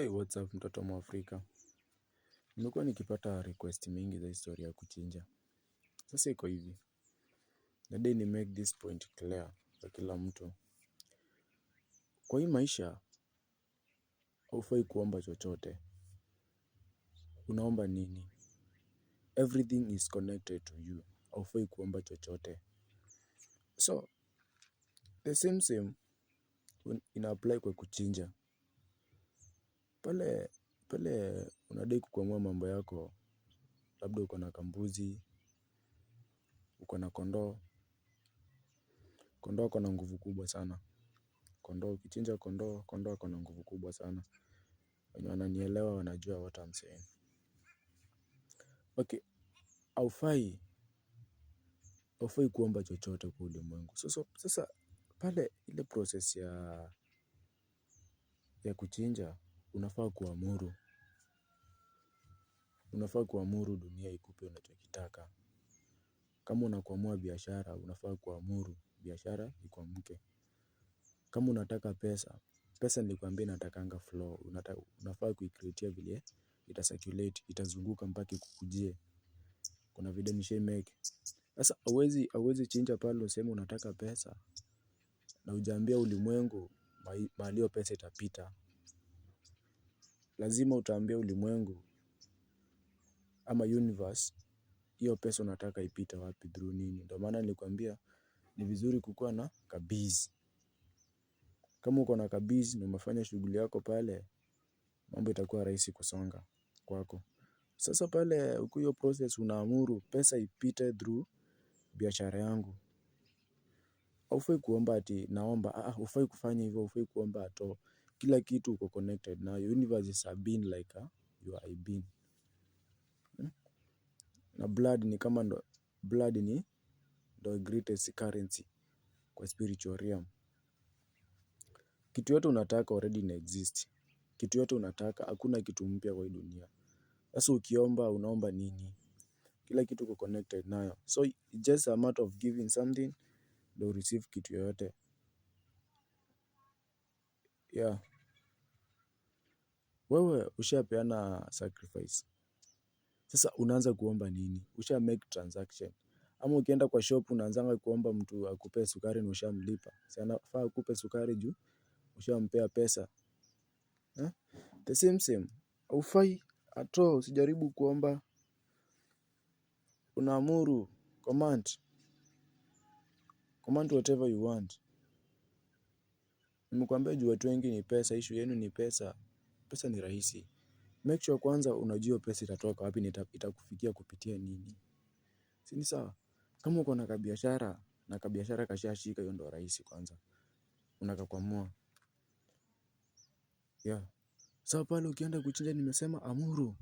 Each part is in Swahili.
Hey, what's up mtoto Mwafrika? Nimekuwa nikipata request mingi za historia ya kuchinja. Sasa iko hivi. Nadai ni make this point clear kwa kila mtu. Kwa hii maisha haufai kuomba chochote. Unaomba nini? Everything is connected to you. Haufai kuomba chochote. So the same same ina apply kwa kuchinja pale unadai kukwamua mambo yako labda uko na kambuzi uko na kondoo kondoo ako na nguvu kubwa sana kondoo ukichinja kondoo kondoo ako na nguvu kubwa sana wenye wananielewa wanajua what I'm saying okay haufai haufai kuomba chochote kwa ulimwengu sasa sasa pale ile process ya ya kuchinja unafaa kuamuru. Unafaa kuamuru dunia ikupe unachokitaka. Kama unakwamua biashara unafaa kuamuru biashara ikwamke. Kama unataka pesa pesa nilikwambia inatakanga flow. Unafaa kuikreatia vile circulate itazunguka mpaka ikukujie. Kuna vile make Sasa hauwezi chinja pale useme unataka pesa na ujaambia ulimwengu mahali hiyo pesa itapita lazima utaambia ulimwengu ama universe hiyo pesa unataka ipite wapi through nini. Ndio maana nilikwambia ni vizuri kukuwa na kabizi. Kama uko na kabizi na umefanya shughuli yako pale, mambo itakuwa rahisi kusonga kwako. Sasa pale uko hiyo process unaamuru pesa ipite through biashara yangu. Haufai kuomba ati naomba, ah, ah, ufai kufanya hivyo, ufai kuomba ato kila kitu uko connected na universe is a being like a, you are a being. Na blood ni kama ndo, blood ni ndo greatest currency kwa spiritual realm. Kitu yote unataka already ina exist. Kitu yote unataka, hakuna kitu mpya kwa hii dunia. Sasa ukiomba unaomba nini? Kila kitu uko connected nayo, so it's just a matter of giving something, ndo receive kitu yoyote yeah. Wewe ushapeana sacrifice. Sasa unaanza kuomba nini? Usha make transaction. Ama ukienda kwa shop unaanzanga kuomba mtu akupe sukari na ushamlipa. Si anafaa akupe sukari juu ushampea pesa. Eh? The same same. Haufai at usijaribu kuomba. Unaamuru command. Command whatever you want. Nimekuambia juu watu wengi ni pesa, issue yenu ni pesa pesa ni rahisi. Make sure kwanza unajua pesa itatoka wapi na itakufikia kupitia nini. Si ni sawa? Kama uko na kabiashara na kabiashara kashashika hiyo ndo rahisi kwanza. Unakakwamua. Yeah. Sasa pale ukienda kuchinja nimesema amuru.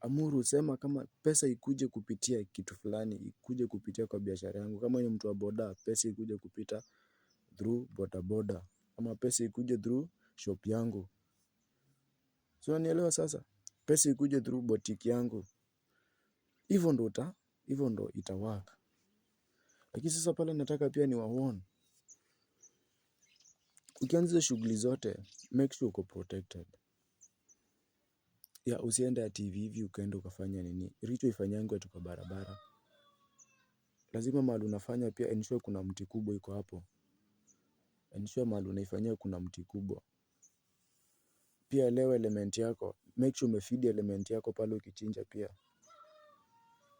Amuru sema kama pesa ikuje kupitia kitu fulani, ikuje kupitia kwa biashara yangu. Kama ni mtu wa boda, pesa ikuje kupita through boda boda, Ama pesa ikuje through shop yangu. Si unanielewa sasa? Pesa ikuje through boutique yangu. Hivyo ndo uta, hivyo ndo itawaka. Lakini sasa pale nataka pia ni waone. Ukianza shughuli zote, make sure uko protected. Ya usiende ya TV hivi ukaenda ukafanya nini? Richo ifanyangu tu kwa barabara. Lazima mahali unafanya pia ensure kuna mti kubwa iko hapo. Ensure mahali unaifanyia kuna mti kubwa. Pia elewa element yako. Make sure umefeed element yako pale ukichinja pia.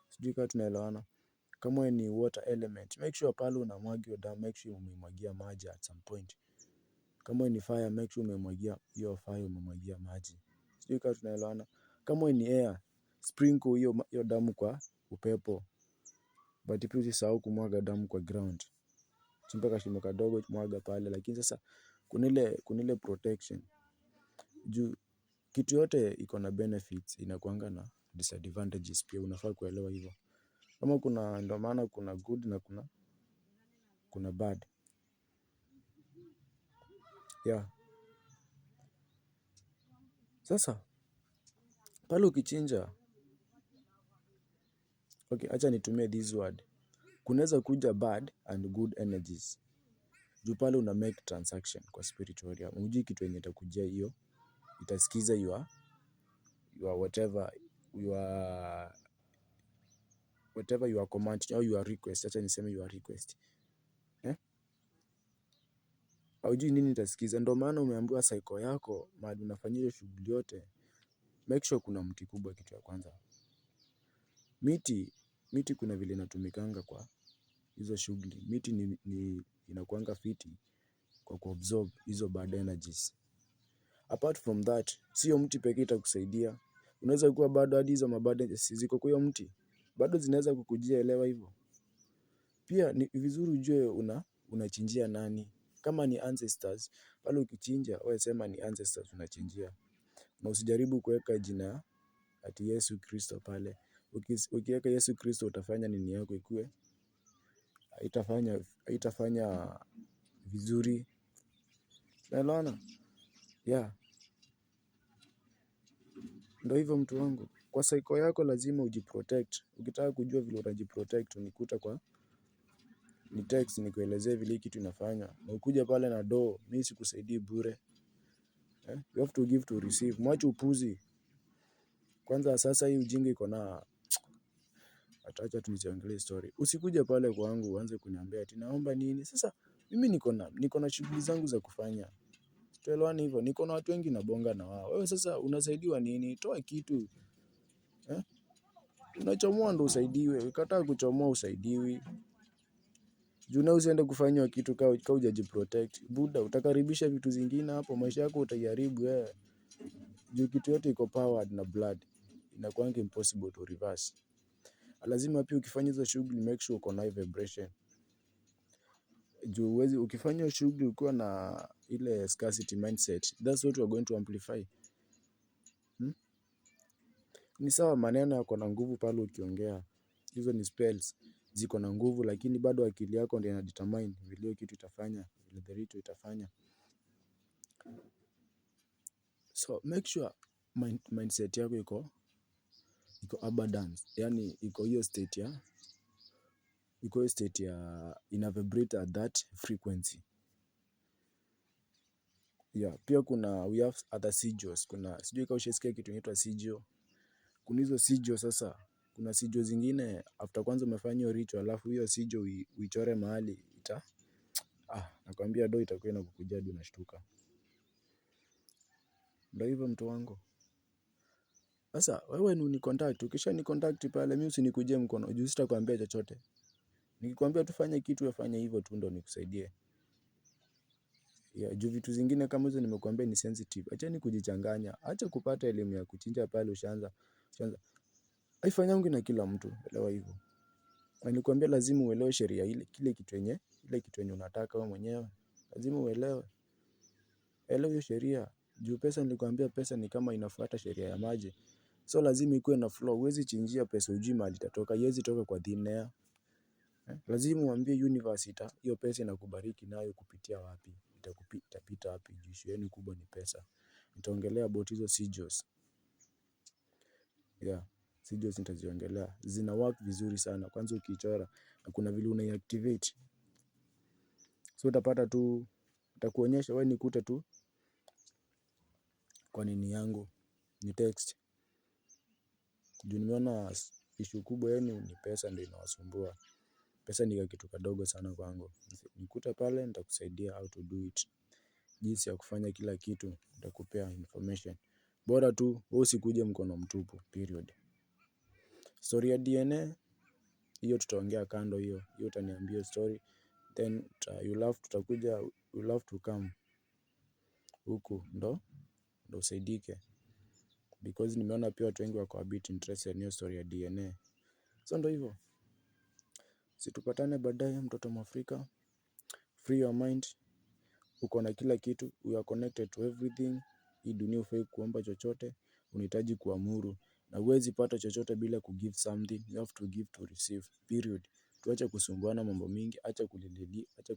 Sijui kama tunaelewana. Kama ni water element, make sure pale unamwagi hiyo damu, make sure umemwagia maji at some point. Kama ni fire, make sure umemwagia hiyo fire, umemwagia maji. Sijui kama tunaelewana. Kama ni air, sprinkle hiyo hiyo damu kwa upepo. But pia usisahau kumwaga damu kwa ground. Mpaka shimo kadogo mwaga pale, lakini sasa kuna ile protection juu kitu yote iko na benefits inakuanga na disadvantages pia, unafaa kuelewa hivyo. Kama kuna ndio maana kuna good na kuna kuna bad yeah. Sasa pale ukichinja, okay, acha nitumie this word, kunaweza kuja bad and good energies juu pale una make transaction kwa spiritual, unajui kitu yenye itakujia hiyo itaskiza your, your whatever your whatever your command au your request. Acha niseme your request eh? Haujui nini itasikiza. Ndio maana umeambiwa psycho yako mahali unafanyia shughuli yote, make sure kuna mti kubwa, kitu ya kwanza. Miti miti kuna vile inatumikanga kwa hizo shughuli. Miti ni, ni inakuanga fiti kwa kuabsorb hizo bad energies. Apart from that, sio mti pekee itakusaidia. Unaweza kuwa bado hadi hizo mabadenjesi ziko kwa hiyo mti, bado zinaweza kukujia, elewa hivyo. Pia ni vizuri ujue una unachinjia nani. Kama ni ancestors, pale ukichinja wewe sema ni ancestors unachinjia. Na usijaribu kuweka jina ati Yesu Kristo pale. Ukiweka Yesu Kristo utafanya nini yako ikue? Haitafanya haitafanya vizuri. Unaelewana? Yeah. Ndo hivyo mtu wangu, kwa saiko yako lazima ujiprotect. Ukitaka kujua vile utajiprotect, unikuta kwa ni text nikuelezee vile kitu inafanya, na ukuja pale na do, mimi sikusaidii bure eh? You have to give to receive. Mwache upuzi kwanza. Sasa hii ujinga iko na atacha, tunichangalie story. Usikuja pale kwangu uanze kuniambia ati naomba nini. Sasa mimi niko na niko na shughuli zangu za kufanya tuelewane hivyo. Niko na watu wengi nabonga na wao, wewe sasa unasaidiwa nini? Toa kitu eh? Unachomoa ndo usaidiwe, ukataa kuchomoa usaidiwi. Juna usiende kufanywa kitu ka ujaji protect buda, utakaribisha vitu zingine hapo, maisha yako utaiharibu wewe. Eh. Juu kitu yote iko powered na blood, inakuanga impossible to reverse. Lazima pia ukifanya hizo shughuli make sure uko na vibration juu uwezi ukifanya shughuli ukiwa na ile scarcity mindset, that's what we are going to amplify hmm? Ni sawa maneno yako na nguvu pale ukiongea, hizo ni spells ziko na nguvu, lakini bado akili yako ndio inadetermine vile kitu itafanya, vile the ritual itafanya. So make sure mind, mindset yako iko iko abundance, yani iko hiyo state ya iko state ya ina vibrate at that frequency yeah. Pia kuna we have other sigils. Kuna sijui kama ushasikia kitu inaitwa sigil. Kuna hizo sigil sasa, kuna sigil zingine after kwanza umefanya hiyo ritual, alafu hiyo sigil uichore mahali ita ah, nakwambia do itakuwa inakukuja hadi unashtuka. Ndio hivyo mtu wangu. Sasa wewe ni unicontact, ukisha nicontact pale mimi usinikujie mkono juu sitakwambia chochote. Nikikwambia tufanye kitu yafanye hivyo tu ndo nikusaidie. Ya, juu vitu zingine kama hizo nimekuambia ni sensitive. Acheni kujichanganya. Acha kupata elimu ya kuchinja pale ushaanza. Ushaanza. Haifanyangi na kila mtu, elewa hivyo. Na nikwambia lazima uelewe sheria ile kile kitu yenye, ile kitu yenye unataka wewe mwenyewe. Lazima uelewe. Elewa hiyo sheria. Juu pesa nilikwambia pesa ni kama inafuata sheria ya maji. So lazima ikuwe na flow. Huwezi chinjia pesa ujui mahali itatoka. Haiwezi toka kwa dhinea lazima uambie universe ita hiyo pesa inakubariki nayo kupitia wapi, itapita wapi. Issue yenu kubwa ni pesa. Nitaongelea about hizo sigils. Yeah, sigils nitaziongelea, zina work vizuri sana. Kwanza ukichora na kuna vile activate so utapata tu, utakuonyesha wewe, nikute tu kwa nini yangu ni text juu nimeona ishu kubwa yenu ni pesa ndio inawasumbua. Pesa ni kitu kadogo sana kwangu. Nikute pale nitakusaidia how to do it. Jinsi ya kufanya kila kitu nitakupea information. Bora tu wewe usikuje mkono mtupu period. Story ya DNA hiyo tutaongea kando hiyo. Hiyo utaniambia story then you'll have tutakuja you'll have to come huku ndo ndo usaidike because nimeona pia watu wengi wako a bit interested in hiyo story ya DNA. So ndo hivyo situpatane baadaye mtoto Mwafrika, free your mind, uko na kila kitu, we are connected to everything. Hii dunia ufai kuomba chochote, unahitaji kuamuru na huwezi pata chochote bila ku give something, you have to give to receive, period. Tuache kusumbuana mambo mingi, acha kulilili, acha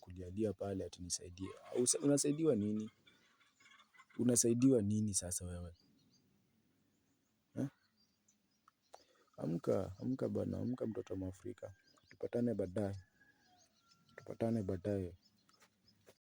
kulialia pale ati nisaidie. Unasaidiwa nini? Unasaidiwa nini sasa wewe? Amka, amka bana, amka mtoto mwafrika. Tupatane baadaye, tupatane baadaye.